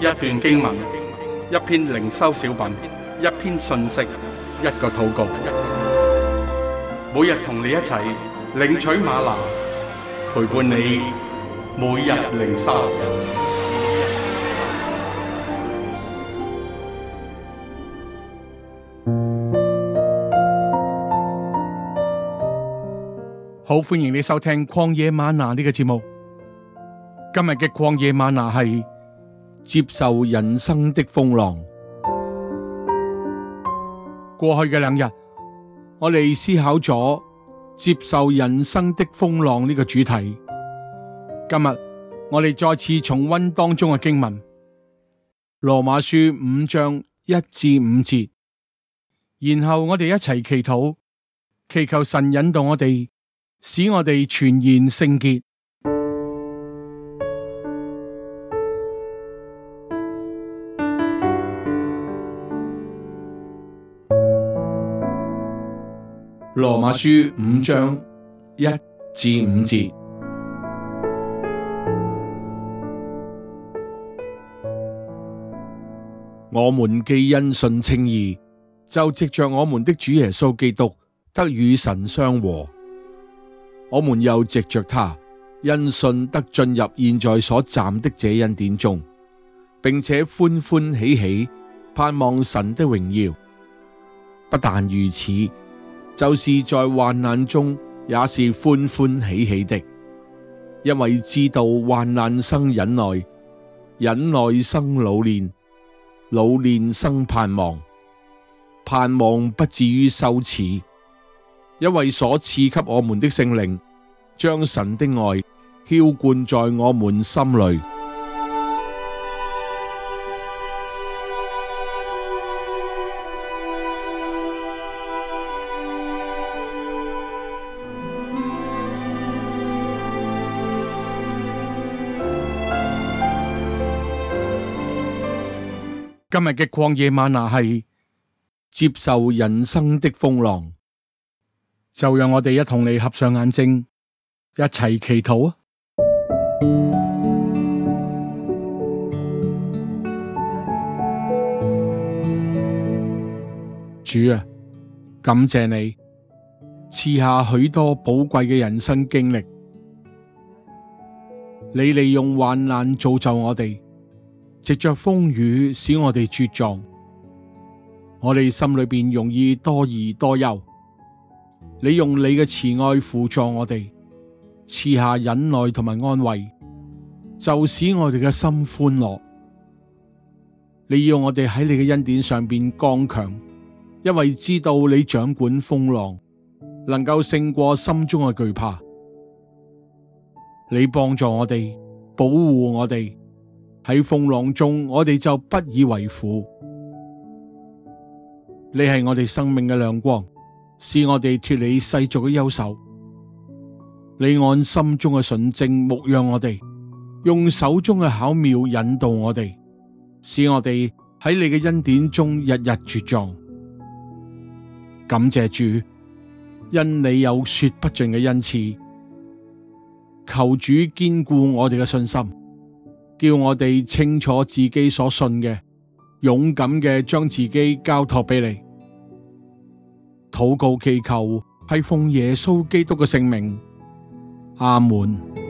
一段經文，一篇靈修小品，一篇信息，一個禱告。每日同你一齊領取嗎哪，陪伴你每日靈修。好，歡迎你收聽《曠野嗎哪》呢個節目。今日嘅《曠野嗎哪》係，接受人生的風浪。過去嘅兩日，我哋思考咗接受人生的風浪呢個主題。今日我哋再次重溫當中嘅經文《羅馬書》五章一至五節，然後我哋一齊祈禱，祈求神引導我哋，使我哋全然聖潔。羅馬書五章一至五節，我們既因信稱義，就藉着我們的主耶穌基督得與神相和。我們又藉着祂因信得進入現在所站的這恩典中，並且歡歡喜喜盼望神的榮耀。不但如此。就是在患難中也是歡歡喜喜喜的，因為知道患難生忍耐，忍耐生老練，老練生盼望，盼望不至於羞恥，因為所賜給我們的聖靈，將神的愛澆灌在我們心裏。今日嘅曠野嗎哪係接受人生的風浪，就讓我哋一同嚟合上眼睛，一齊祈禱啊！主啊，感謝你賜下許多寶貴嘅人生經歷，你利用患難造就我哋。藉着風雨使我哋茁壯，我哋心裏邊容易多疑多憂。你用你嘅慈愛扶助我哋，賜下忍耐同埋安慰，就使我哋嘅心歡樂。你要我哋喺你嘅恩典上邊剛強，因為知道你掌管風浪，能夠勝過心中嘅懼怕。你幫助我哋，保護我哋。喺風浪中，我哋就不以為苦。你係我哋生命嘅亮光，使我哋脫離世俗嘅憂愁。你按心中嘅純正牧養我哋，用手中嘅巧妙引導我哋，使我哋喺你嘅恩典中日日茁壯。感謝主，因你有說不盡嘅恩賜。求主堅固我哋嘅信心。叫我哋清楚自己所信嘅，勇敢嘅將自己交託俾你。禱告祈求，係奉耶穌基督嘅聖名，阿門。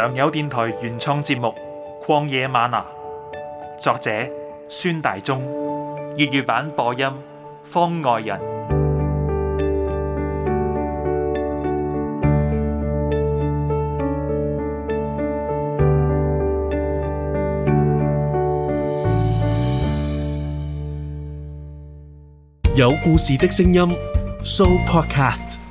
良友電台原創節目《曠野嗎哪》，作者孫大中，粵語版播音方外人，有故事的聲音，So Podcasts。